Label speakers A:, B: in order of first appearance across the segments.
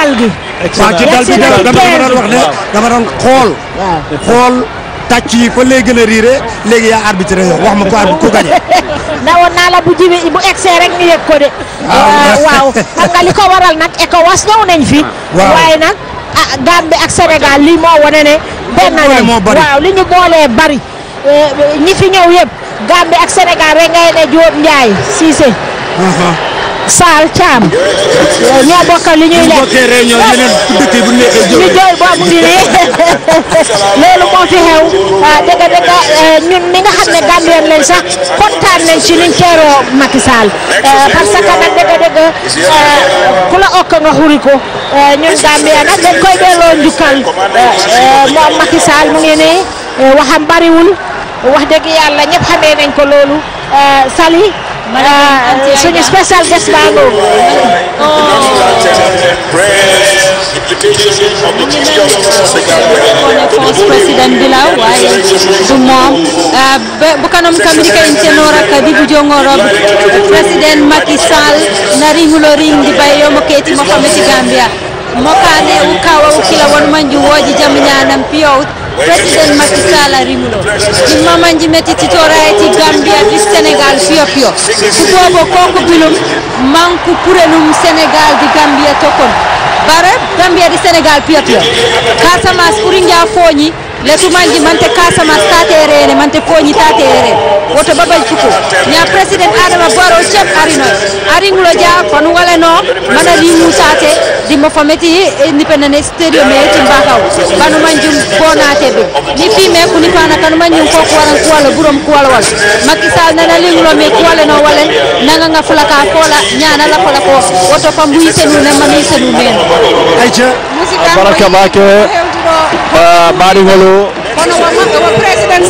A: dal gi. waaw ci dal bi dama doon wax ne dama doon xool. xool tàcc yi fa lay gën a riire léegi yaa arbitré wax ma ku gagné. nawoon naa la bu jibi bu excès rek ñu yëg ko de. Ah, euh, waaw xam nga li ko waral nag ECOWAS ñëw nañ fi. waaye nag ah Gambie ak Sénégal lii moo wane ne. benn lañ waaw li ñu boolee bari. Euh, ñi fi ñëw yëpp Gambie ak Sénégal rek ngay ne Diop Ndiaye Cissé. Uh-huh. Saal Thiam ñoo bokkal li ñuy lekk ñu jooy boobu di ree loolu moo fi xew dëgg dëgg eh, ñun mi nga xam ne Gambien lañ sax kontaan nañ ci liñ teeroo Macky Sall eh, parce que nag dëgg dëgg eh, ku la okk nga xuri ko ñun Gambien nag koy delloo njukkal moom Macky Sall mu ngi ne waxam bariwul wax dëgg yàlla ñëpp xamee nañ ko loolu Sali uh, eh, suñu spécial guest baango
B: France eh, président bi la waaye du moom bu kanam kam di kayin tenor ak di bu jongoro président Macky Sall na ringulo ring di bay yomo keti mo xamé ci Gambia mokane ukawa ukila won manju woji jam ñaanam a Macky Sall rimulo ɗum mamanji mettititore ayti gambia di sénégal fiyopyo ko boobo koko bilum manku purenum sénégal di gambia tokkon bara gambia di sénégal piyopyo casamas ɓuri jaa fooñi le tumanji mante casamas tatere wonde pooñi taate e reen woto babal cuko ña president adama baro chef arinoy aringulo dia kono no mana limu taate dimo fameti independent me mais ti mbakaw eh, banu manjum bonate be ni fi me kuni pana kanu manjum ko ko wala ko wala burom ko wala wal makki sal nana ngulo me ko wala no wala nanga nga fulaka fola ñana la fola ko woto fam bu yisenu na man yitenu men
A: ayja baraka bari baringolo kono wa makka wa president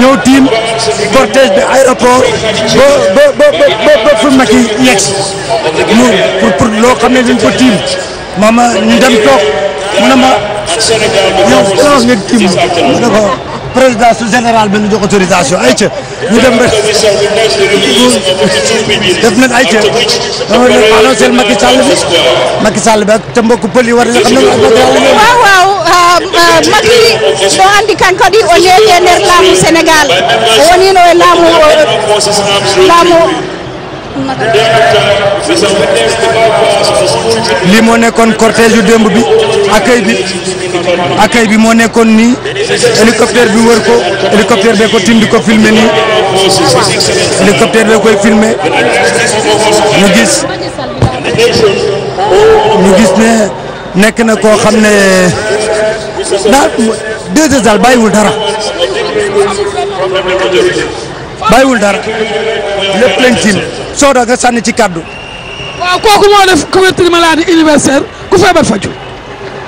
A: ñëw tiim cortège bi aéroport ba ba ba ba ba fu Macky yegg ñu pour pour loo xam ne dañ ko tiim mama ñu dem toog mu ma yow France nga su général bi nu jox autorisation ay ca ñu dem rek def nañ ay ca dama leen annoncé Macky Sall bi Macky Sall bi ak te mbokk pël yi war so andi kan kadi o laamu sénégal o laamu euh, laamu lii moo nekkoon cortège yu démb bi accueil bi accueil bi moo nekkoon nii hélicoptère bi wër ko hélicoptère bee ko tim ko filmer nii hélicoptère bee koy filmer ñu gis ñu gis ne nekk na koo xam ne 2S daal bàyyiwul dara bàyyiwul dara lépp tiim
B: sooda nga sànni ci kaddu waaw kooku moo def couverture maladie universelle ku feebar faju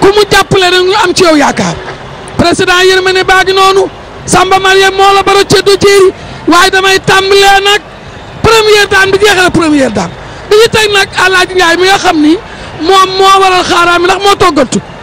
B: ku mu jàppale rek am ci yow yaakaar président yërmande baa ngi noonu Samba Mariam moo la baro ceddo jéeri waaye damay tàmbalee nag première dame di jeexale première dame di ñu teg nag Alaaji Njaay mi nga xam ni moom
A: moo waral xaaraam mi ndax moo toggantu.